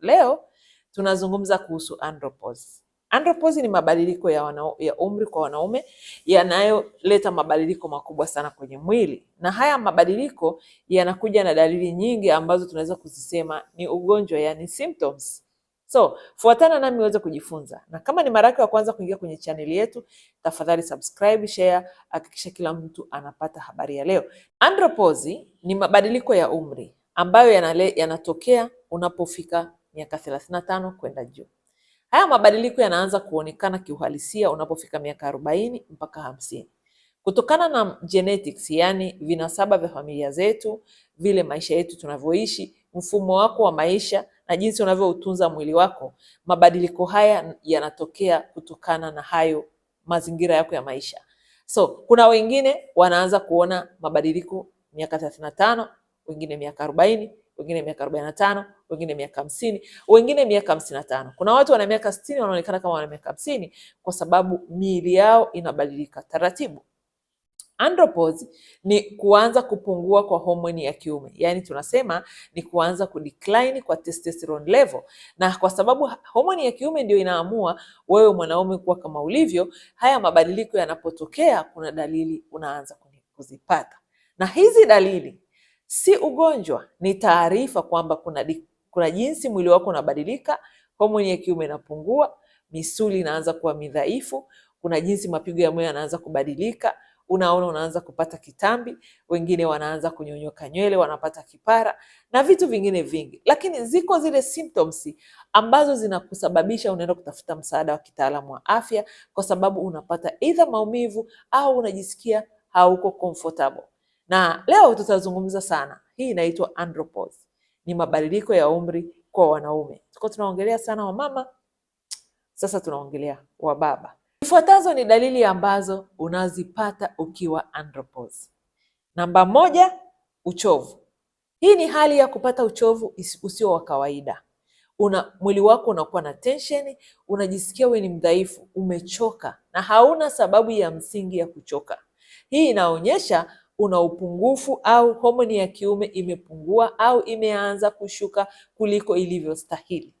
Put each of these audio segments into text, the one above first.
Leo tunazungumza kuhusu andropause. Andropause ni mabadiliko ya, wana, ya umri kwa wanaume yanayoleta mabadiliko makubwa sana kwenye mwili, na haya mabadiliko yanakuja na dalili nyingi ambazo tunaweza kuzisema ni ugonjwa, yani symptoms. So fuatana nami uweze kujifunza, na kama ni mara yako ya kwanza kuingia kwenye chaneli yetu, tafadhali subscribe, share, hakikisha kila mtu anapata habari ya leo. Andropause ni mabadiliko ya umri ambayo yanale, yanatokea unapofika miaka 35 kwenda juu. Haya mabadiliko yanaanza kuonekana kiuhalisia unapofika miaka 40 mpaka 50. Kutokana na genetics, yani vinasaba vya familia zetu, vile maisha yetu tunavyoishi, mfumo wako wa maisha na jinsi unavyoutunza mwili wako, mabadiliko haya yanatokea kutokana na hayo mazingira yako ya maisha. So kuna wengine wanaanza kuona mabadiliko miaka 35, wengine miaka 40, wengine miaka arobaini na tano wengine miaka hamsini wengine miaka hamsini na tano Kuna watu wana miaka sitini wanaonekana kama wana miaka hamsini kwa sababu miili yao inabadilika taratibu. Andropause ni kuanza kupungua kwa homoni ya kiume, yaani tunasema ni kuanza kudecline kwa testosterone level, na kwa sababu homoni ya kiume ndio inaamua wewe mwanaume kuwa kama ulivyo, haya mabadiliko yanapotokea, kuna dalili unaanza kuzipata, na hizi dalili si ugonjwa, ni taarifa kwamba kuna, kuna jinsi mwili wako unabadilika, homoni ya kiume inapungua, misuli inaanza kuwa midhaifu, kuna jinsi mapigo ya moyo yanaanza kubadilika, unaona unaanza kupata kitambi, wengine wanaanza kunyonyoka nywele, wanapata kipara na vitu vingine vingi. Lakini ziko zile symptoms ambazo zinakusababisha unaenda kutafuta msaada wa kitaalamu wa afya, kwa sababu unapata aidha maumivu au unajisikia hauko comfortable na leo tutazungumza sana. Hii inaitwa andropause, ni mabadiliko ya umri kwa wanaume. Tuko tunaongelea sana wamama, sasa tunaongelea wababa. Ifuatazo ni dalili ambazo unazipata ukiwa andropause. Namba moja, uchovu. Hii ni hali ya kupata uchovu usio wa kawaida. Una mwili wako unakuwa na tension, unajisikia wewe ni mdhaifu, umechoka na hauna sababu ya msingi ya kuchoka. Hii inaonyesha una upungufu au homoni ya kiume imepungua au imeanza kushuka kuliko ilivyostahili.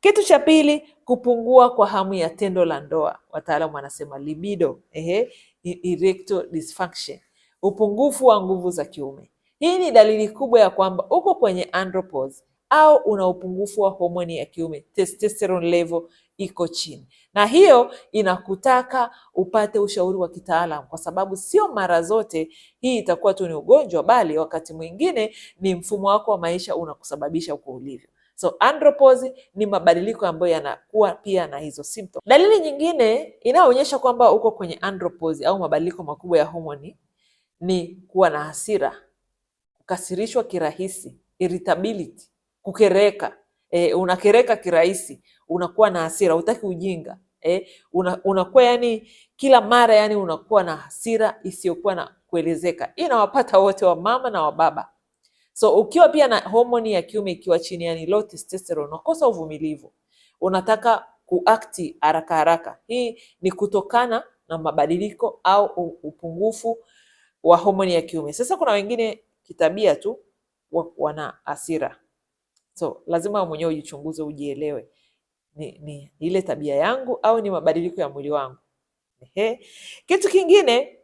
Kitu cha pili, kupungua kwa hamu ya tendo la ndoa, wataalamu wanasema libido, ehe, erectile dysfunction, upungufu wa nguvu za kiume. Hii ni dalili kubwa ya kwamba uko kwenye andropause au una upungufu wa homoni ya kiume testosterone level iko chini, na hiyo inakutaka upate ushauri wa kitaalamu, kwa sababu sio mara zote hii itakuwa tu ni ugonjwa, bali wakati mwingine ni mfumo wako wa maisha unakusababisha uko ulivyo. So andropause ni mabadiliko ambayo yanakuwa pia na hizo symptoms. Dalili nyingine inayoonyesha kwamba uko kwenye andropause au mabadiliko makubwa ya homoni ni kuwa na hasira, kukasirishwa kirahisi, irritability, kukereka e, unakereka kirahisi, unakuwa na hasira, utaki ujinga e, eh, una, unakuwa yani kila mara yani unakuwa na hasira isiyokuwa na kuelezeka. Hii inawapata wote wa mama na wa baba. So ukiwa pia na homoni ya kiume ikiwa chini, yani low testosterone, unakosa uvumilivu, unataka kuakti haraka haraka. Hii ni kutokana na mabadiliko au upungufu wa homoni ya kiume. Sasa kuna wengine kitabia tu wana hasira. So lazima mwenyewe ujichunguze, ujielewe, ni, ni ile tabia yangu au ni mabadiliko ya mwili wangu? Ehe. Kitu kingine,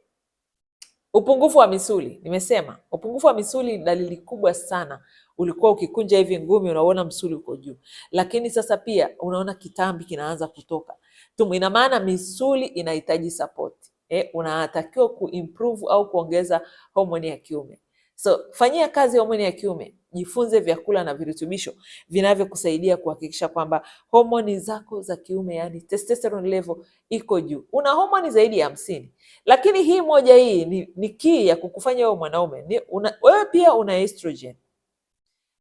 upungufu wa misuli. Nimesema upungufu wa misuli ni dalili kubwa sana. Ulikuwa ukikunja hivi ngumi, unaona msuli uko juu, lakini sasa pia unaona kitambi kinaanza kutoka tumbo. Ina maana misuli inahitaji support. Eh, unatakiwa kuimprove au kuongeza homoni ya kiume. So fanyia kazi homoni ya kiume jifunze vyakula na virutubisho vinavyokusaidia kuhakikisha kwamba homoni zako za kiume, yani testosterone level iko juu. Una homoni zaidi ya hamsini, lakini hii moja hii ni, ni kii ya kukufanya wewe mwanaume ni, una, wewe pia una estrogen,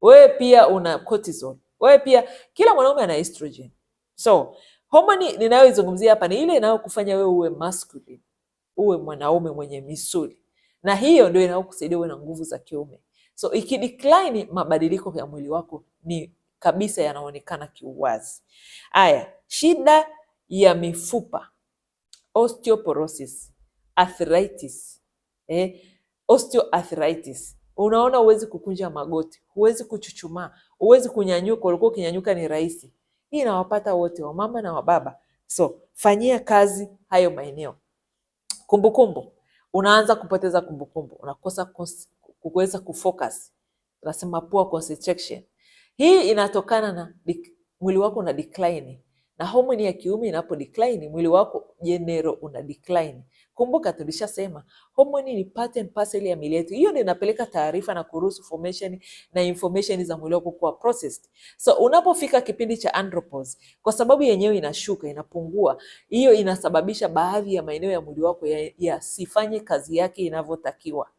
wewe pia una cortisol, wewe pia kila mwanaume ana estrogen. So homoni ninayoizungumzia hapa ni ile inayokufanya wewe uwe masculine, uwe mwanaume mwenye misuli, na hiyo ndio inayokusaidia uwe na nguvu za kiume. So ikidecline, mabadiliko ya mwili wako ni kabisa yanaonekana kiuwazi. Haya, shida ya mifupa osteoporosis, arthritis, eh, osteoarthritis. Unaona, huwezi kukunja magoti, huwezi kuchuchumaa, huwezi kunyanyuka. Ulikuwa ukinyanyuka ni rahisi. Hii inawapata wote, wamama na wababa. So fanyia kazi hayo maeneo. Kumbukumbu, unaanza kupoteza kumbukumbu, unakosa kuweza kufocus, nasema poor concentration. Hii inatokana na mwili wako una decline, na homoni ya kiume inapo decline, mwili wako general una decline. Kumbuka tulishasema homoni ni part and parcel ya mwili wetu, hiyo ndio inapeleka taarifa na kuruhusu formation na information za mwili wako kuwa processed. So unapofika kipindi cha andropause, kwa sababu yenyewe inashuka inapungua, hiyo inasababisha baadhi ya maeneo ya mwili wako yasifanye ya kazi yake inavyotakiwa.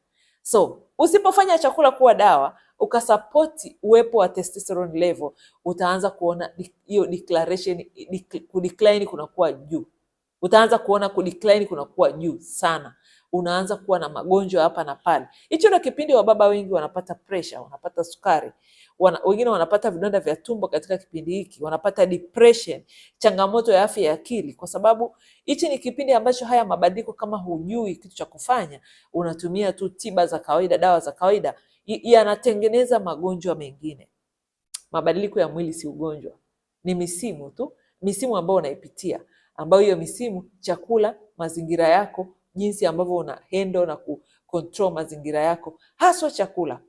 So usipofanya chakula kuwa dawa ukasapoti uwepo wa testosterone level, utaanza kuona hiyo declaration kudecline kunakuwa juu, utaanza kuona kudecline kunakuwa juu sana unaanza kuwa na magonjwa hapa na pale. Hicho ndio kipindi wa baba wengi wanapata pressure, wanapata sukari wana, wengine wanapata vidonda vya tumbo katika kipindi hiki, wanapata depression, changamoto ya afya ya akili, kwa sababu hichi ni kipindi ambacho haya mabadiliko, kama hujui kitu cha kufanya, unatumia tu tiba za kawaida, dawa za kawaida, yanatengeneza magonjwa mengine. Mabadiliko ya mwili si ugonjwa, ni misimu tu, misimu ambayo unaipitia, ambayo hiyo misimu, chakula, mazingira yako jinsi ambavyo una handle na ku control mazingira yako, haswa chakula,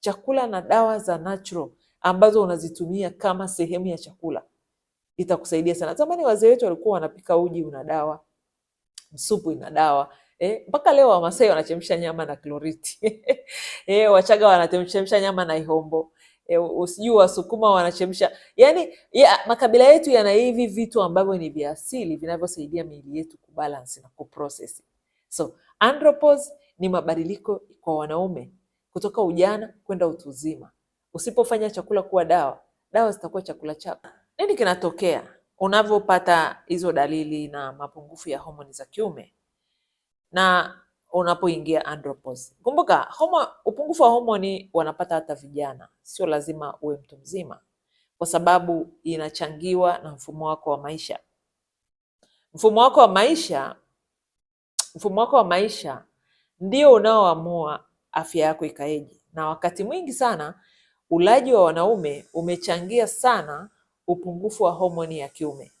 chakula na dawa za natural ambazo unazitumia kama sehemu ya chakula itakusaidia sana. Zamani wazee wetu walikuwa wanapika uji una dawa, msupu ina dawa eh, mpaka leo Wamasai wanachemsha nyama na kloriti eh, Wachaga wanachemsha nyama na ihombo eh, usijui Wasukuma wanachemsha yani ya, makabila yetu yana hivi vitu ambavyo ni vya asili vinavyosaidia miili yetu kubalance na kuprocess. So andropause ni mabadiliko kwa wanaume kutoka ujana kwenda utu uzima. Usipofanya chakula kuwa dawa, dawa zitakuwa chakula chako. Nini kinatokea unavyopata hizo dalili na mapungufu ya homoni za kiume na unapoingia andropause? Kumbuka homo, upungufu wa homoni wanapata hata vijana, sio lazima uwe mtu mzima, kwa sababu inachangiwa na mfumo wako wa maisha. Mfumo wako wa maisha mfumo wako wa maisha ndio unaoamua afya yako ikaeje, na wakati mwingi sana ulaji wa wanaume umechangia sana upungufu wa homoni ya kiume,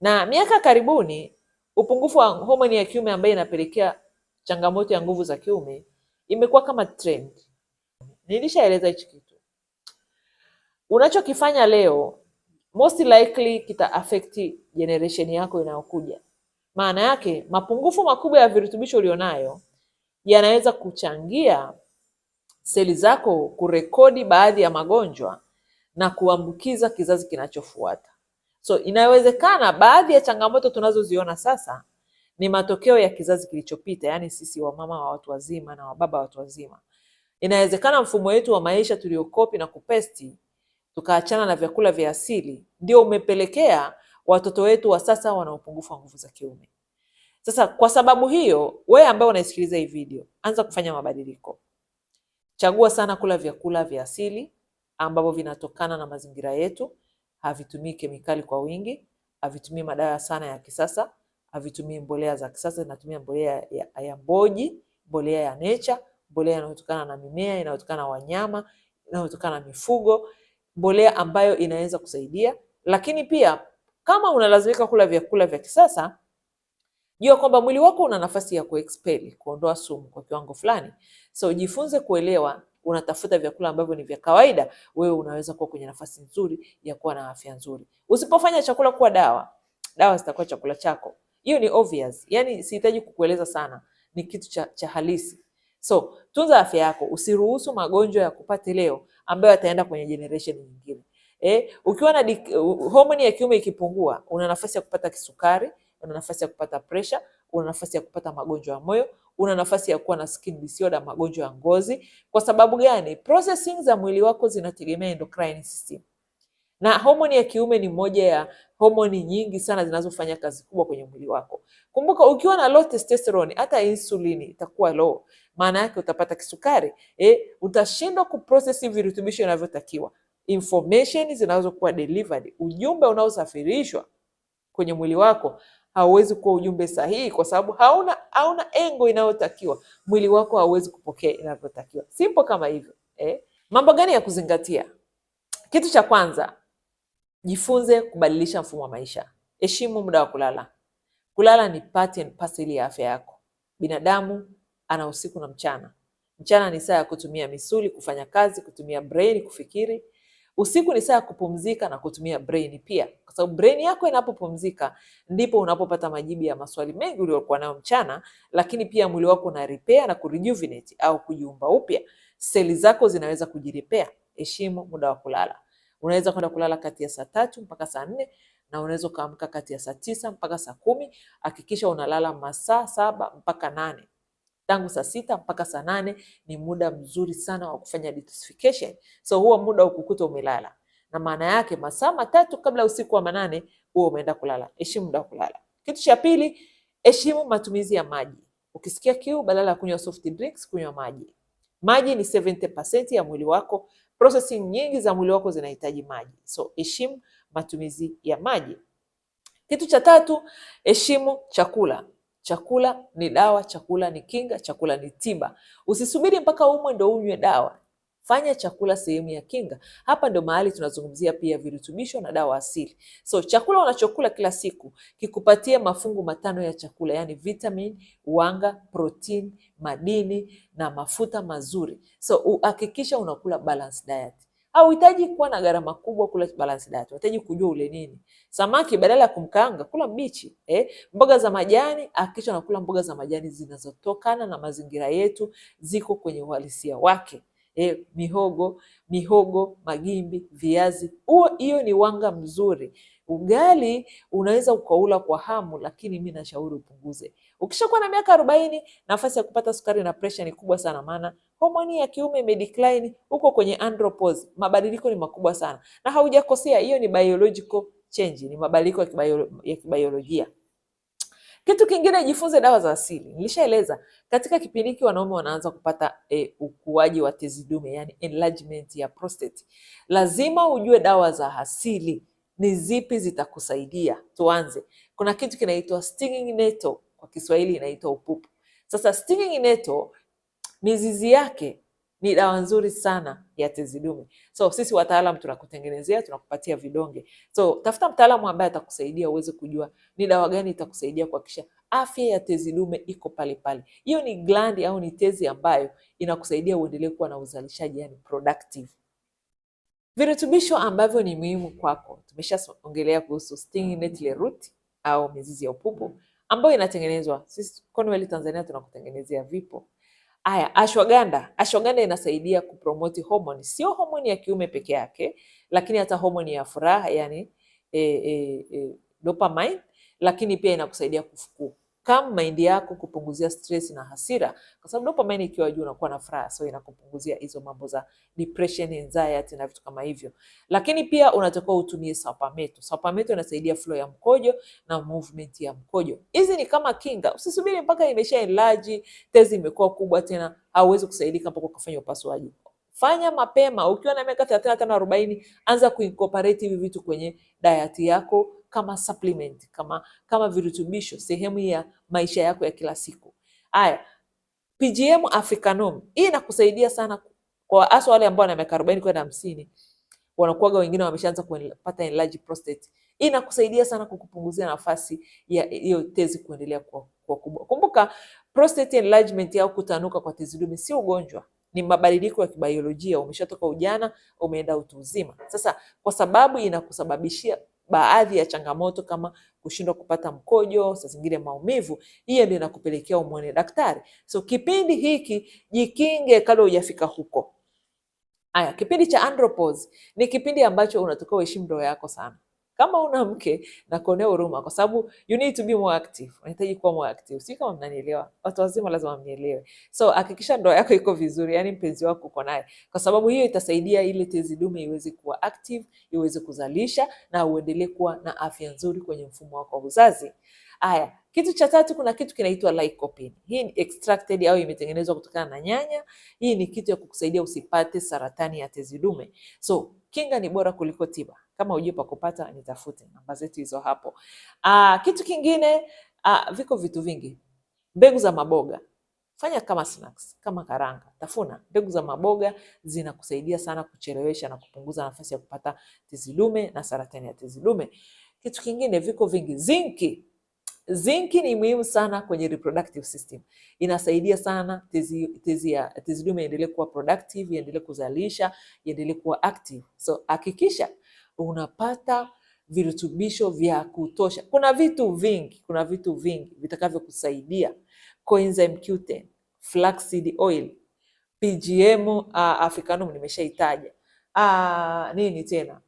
na miaka karibuni upungufu wa homoni ya kiume ambayo inapelekea changamoto ya nguvu za kiume imekuwa kama trend. Nilishaeleza hichi kitu, unachokifanya leo most likely kita affect generation yako inayokuja. Maana yake mapungufu makubwa ya virutubisho ulionayo yanaweza kuchangia seli zako kurekodi baadhi ya magonjwa na kuambukiza kizazi kinachofuata. So inawezekana baadhi ya changamoto tunazoziona sasa ni matokeo ya kizazi kilichopita, yaani sisi wamama wa watu wazima na wababa wa watu wazima. Inawezekana mfumo wetu wa maisha tuliokopi na kupesti tukaachana na vyakula vya asili ndio umepelekea watoto wetu wa sasa wana upungufu wa nguvu za kiume. Sasa kwa sababu hiyo, wewe ambaye unaisikiliza hii video, anza kufanya mabadiliko. Chagua sana kula vyakula vya asili ambavyo vinatokana na mazingira yetu, havitumii kemikali kwa wingi, havitumii madawa sana ya kisasa, havitumii mbolea za kisasa, zinatumia mbolea ya, ya mboji, mbolea ya nature, mbolea inayotokana na mimea, inayotokana na wanyama, inayotokana na mifugo, mbolea ambayo inaweza kusaidia, lakini pia kama unalazimika kula vyakula vya kisasa, jua kwamba mwili wako una nafasi ya kuexpel, kuondoa sumu kwa kiwango fulani. So jifunze kuelewa, unatafuta vyakula ambavyo ni vya kawaida, wewe unaweza kuwa kwenye nafasi nzuri ya kuwa na afya nzuri. Usipofanya chakula kuwa dawa, dawa zitakuwa chakula chako. Hiyo ni obvious, yani sihitaji kukueleza sana, ni kitu cha, cha halisi. So tunza afya yako, usiruhusu magonjwa ya kupate leo ambayo yataenda kwenye generation nyingine. Eh, ukiwa na homoni ya kiume ikipungua, una nafasi ya kupata kisukari, una nafasi ya kupata presha, una nafasi ya kupata magonjwa ya moyo, una nafasi ya kuwa na skin disorder, magonjwa ya ngozi. Kwa sababu gani? Processing za mwili wako zinategemea endocrine system, na homoni ya kiume ni moja ya homoni nyingi sana zinazofanya kazi kubwa kwenye mwili wako. Kumbuka, ukiwa na low testosterone, hata insulini itakuwa low, maana yake utapata kisukari eh, utashindwa kuprocess virutubisho inavyotakiwa information zinazo kuwa delivered, ujumbe unaosafirishwa kwenye mwili wako hauwezi kuwa ujumbe sahihi, kwa sababu hauna hauna engo inayotakiwa. Mwili wako hauwezi kupokea inavyotakiwa. Simple kama hivyo eh? Mambo gani ya kuzingatia? Kitu cha kwanza, jifunze kubadilisha mfumo wa maisha. Heshimu muda wa kulala. Kulala ni part and parcel ya afya yako. Binadamu ana usiku na mchana. Mchana ni saa ya kutumia misuli kufanya kazi, kutumia brain kufikiri, Usiku ni saa ya kupumzika na kutumia brain pia, kwa sababu brain yako inapopumzika ndipo unapopata majibu ya maswali mengi uliokuwa nayo mchana, lakini pia mwili wako una repair na kurejuvenate au kujiumba upya. Seli zako zinaweza kujirepea. Heshimu muda wa kulala. Unaweza kwenda kulala kati ya saa tatu mpaka saa nne na unaweza ukaamka kati ya saa tisa mpaka saa kumi. Hakikisha unalala masaa saba mpaka nane tangu saa sita mpaka saa nane ni muda mzuri sana wa kufanya detoxification. So huo muda ukukuta umelala, na maana yake masaa matatu kabla usiku wa manane huo umeenda kulala. Heshimu muda wa kulala. Kitu cha pili, heshimu matumizi ya maji. Ukisikia kiu, badala ya kunywa soft drinks, kunywa maji. Maji ni 70% ya mwili wako. Processing nyingi za mwili wako zinahitaji maji, so heshimu matumizi ya maji. Kitu cha tatu, heshimu chakula. Chakula ni dawa, chakula ni kinga, chakula ni tiba. Usisubiri mpaka umwe ndo unywe dawa. Fanya chakula sehemu ya kinga. Hapa ndo mahali tunazungumzia pia virutubisho na dawa asili. So chakula unachokula kila siku kikupatie mafungu matano ya chakula, yani vitamin, wanga, protein, madini na mafuta mazuri. So uhakikisha unakula balanced diet. Hauhitaji kuwa na gharama kubwa kula balance diet. Unahitaji kujua ule nini. Samaki badala ya kumkaanga, kula mbichi, eh? Mboga za majani, hakikisha unakula mboga za majani zinazotokana na mazingira yetu, ziko kwenye uhalisia wake. Eh, mihogo, mihogo, magimbi, viazi. Huo hiyo ni wanga mzuri. Ugali unaweza ukaula kwa hamu, lakini mi nashauri upunguze. Ukishakuwa na miaka arobaini, nafasi ya kupata sukari na presha ni kubwa sana, maana homoni ya kiume imedecline, huko kwenye andropause. Mabadiliko ni makubwa sana, na haujakosea, hiyo ni biological change, ni mabadiliko ya kibiolojia. Kitu kingine, jifunze dawa za asili. Nilishaeleza katika kipindi hiki wanaume wanaanza kupata e, ukuaji wa tezi dume, yani enlargement ya prostate. Lazima ujue dawa za asili ni zipi zitakusaidia. Tuanze, kuna kitu kinaitwa stinging nettle, kwa Kiswahili inaitwa upupu. Sasa stinging nettle mizizi yake ni dawa nzuri sana ya tezi dume. So sisi wataalam tunakutengenezea, tunakupatia vidonge. So tafuta mtaalamu ambaye atakusaidia uweze kujua ni dawa gani itakusaidia kuhakikisha afya ya tezi dume iko pale pale. Hiyo ni glandi au ni tezi ambayo inakusaidia uendelee kuwa na uzalishaji, yani productive. Virutubisho ambavyo ni muhimu kwako, tumeshaongelea kuhusu root au mizizi ya upupu ambayo inatengenezwa sisi Cornwell Tanzania, tunakutengenezea vipo haya. Ashwaganda, ashwaganda inasaidia kupromoti homoni, sio homoni ya kiume peke yake, lakini hata homoni ya furaha yani, e, e, e, dopamine, lakini pia inakusaidia kufuku kama mind yako, kupunguzia stress na hasira, kwa sababu dopamine ikiwa juu unakuwa na furaha, so inakupunguzia hizo mambo za depression, anxiety na vitu kama hivyo. Lakini pia unatakiwa utumie Sapameto. Sapameto inasaidia flow ya mkojo na movement ya mkojo. Hizi ni kama kinga, usisubiri mpaka imesha enlarge, tezi imekuwa kubwa tena, hauwezi kusaidika mpaka ukafanya upasuaji. Fanya mapema ukiwa na miaka thelathini na tano arobaini, anza kuincorporate hivi vitu kwenye diet yako kama supplement, kama kama virutubisho, sehemu ya maisha yako ya kila siku. Haya, PGM Africanum hii inakusaidia sana kwa hasa wale ambao wana miaka arobaini kwenda hamsini wanakuwaga wengine wameshaanza kupata enlarged prostate. Hii inakusaidia sana kukupunguzia nafasi ya hiyo tezi kuendelea kwa kubwa. Kumbuka prostate enlargement au kutanuka kwa tezi dume si ugonjwa ni mabadiliko ya kibaiolojia umeshatoka ujana umeenda utu uzima. Sasa kwa sababu inakusababishia baadhi ya changamoto kama kushindwa kupata mkojo, saa zingine maumivu, hiyo ndio inakupelekea umwone daktari. So kipindi hiki jikinge kabla hujafika huko. Aya, kipindi cha andropause ni kipindi ambacho unatakiwa uheshimu ndoa yako sana kama una mke na kuonea huruma, kwa sababu you need to be more active, unahitaji kuwa more active. Sio kama mnanielewa, watu wazima lazima mnielewe. So hakikisha ndoa yako iko vizuri, yani mpenzi wako uko naye, kwa sababu hiyo itasaidia ile tezi dume iweze kuwa active, iweze kuzalisha na uendelee kuwa na afya nzuri kwenye mfumo wako wa uzazi. Haya, kitu cha tatu, kuna kitu kinaitwa lycopene. Hii ni extracted au imetengenezwa kutokana na nyanya. Hii ni kitu ya kukusaidia usipate saratani ya tezi dume. So kinga ni bora kuliko tiba kama hujui pa kupata nitafute namba zetu hizo hapo. Aa, ah, kitu kingine aa, ah, viko vitu vingi, mbegu za maboga fanya kama snacks, kama karanga, tafuna mbegu za maboga, zinakusaidia sana kuchelewesha na kupunguza nafasi ya kupata tezi dume na saratani ya tezi dume. Kitu kingine viko vingi, zinki Zinki ni muhimu sana kwenye reproductive system, inasaidia sana tezi tezi ya tezi dume iendelee kuwa productive, iendelee kuzalisha, iendelee kuwa active. So hakikisha unapata virutubisho vya kutosha. Kuna vitu vingi, kuna vitu vingi vitakavyokusaidia: coenzyme Q10, flaxseed oil, PGM uh, ah, africanum nimeshaitaja. Uh, nini tena,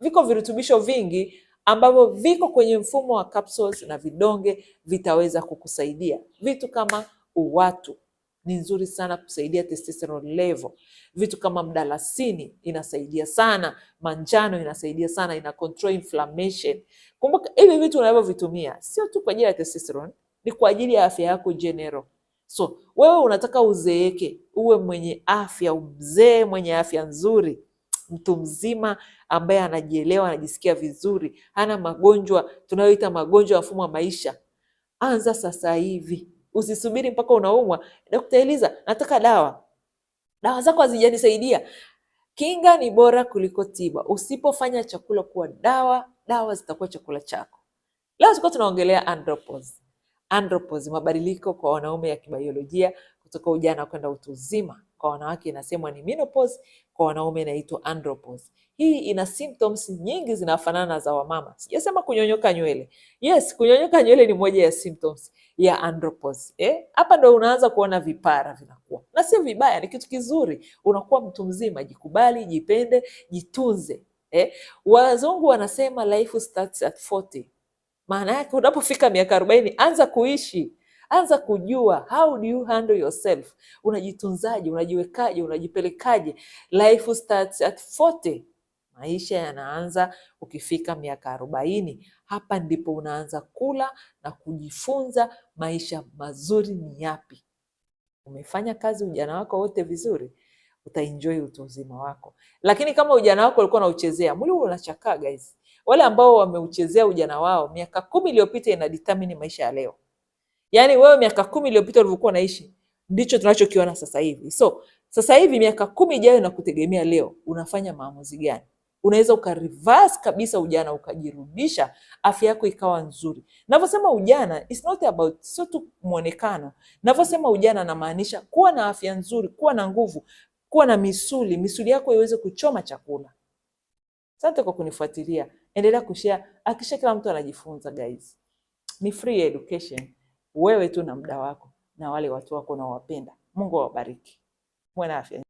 viko virutubisho vingi ambavyo viko kwenye mfumo wa capsules na vidonge, vitaweza kukusaidia vitu kama uwatu ni nzuri sana kusaidia testosterone level. Vitu kama mdalasini inasaidia sana, manjano inasaidia sana, ina control inflammation. Kumbuka hivi vitu unavyovitumia sio tu kwa ajili ya testosterone, ni kwa ajili ya afya yako general. So wewe unataka uzeeke, uwe mwenye afya, mzee mwenye afya nzuri, mtu mzima ambaye anajielewa, anajisikia vizuri, hana magonjwa tunayoita magonjwa ya mfumo wa maisha. Anza sasa hivi. Usisubiri mpaka unaumwa Dokta Eliza, nataka dawa, dawa zako hazijanisaidia. Kinga ni bora kuliko tiba. Usipofanya chakula kuwa dawa, dawa zitakuwa chakula chako. Leo tulikuwa tunaongelea andropause. Andropause, mabadiliko kwa wanaume ya kibiolojia kutoka ujana kwenda utu uzima. Kwa wanawake inasemwa ni menopause, kwa wanaume inaitwa andropause. Hii ina symptoms nyingi zinafanana na za wamama. Sijasema kunyonyoka nywele. Yes, kunyonyoka nywele ni moja ya symptoms ya andropause. Eh? Hapa ndo unaanza kuona vipara vinakuwa. Na sio vibaya, ni kitu kizuri. Unakuwa mtu mzima, jikubali, jipende, jitunze. Eh? Wazungu wanasema life starts at 40. Maana yake unapofika miaka arobaini anza kuishi. Anza kujua how do you handle yourself, unajitunzaje, unajiwekaje, unajipelekaje. Life starts at 40. Maisha yanaanza ukifika miaka arobaini. Hapa ndipo unaanza kula na kujifunza maisha mazuri ni yapi. Umefanya kazi ujana wako wote vizuri, utaenjoy utu uzima wako. Lakini kama ujana wako ulikuwa unauchezea, mwili unachakaa guys. Wale ambao wameuchezea ujana wao miaka kumi iliyopita ina determine maisha ya leo. Yaani wewe miaka kumi iliyopita ulivyokuwa unaishi ndicho tunachokiona sasa hivi. So sasa hivi miaka kumi ijayo na kutegemea leo unafanya maamuzi gani? Unaweza ukareverse kabisa ujana ukajirudisha, afya yako ikawa nzuri. Navyosema ujana it's not about, sio tu mwonekano. Navyosema ujana namaanisha kuwa na afya nzuri, kuwa na nguvu, kuwa na misuli, misuli yako iweze kuchoma chakula. Asante kwa kunifuatilia, endelea kushare, akisha kila mtu anajifunza guys. Ni free education wewe tu na muda wako na wale watu wako unaowapenda. Mungu awabariki, muwe na afya.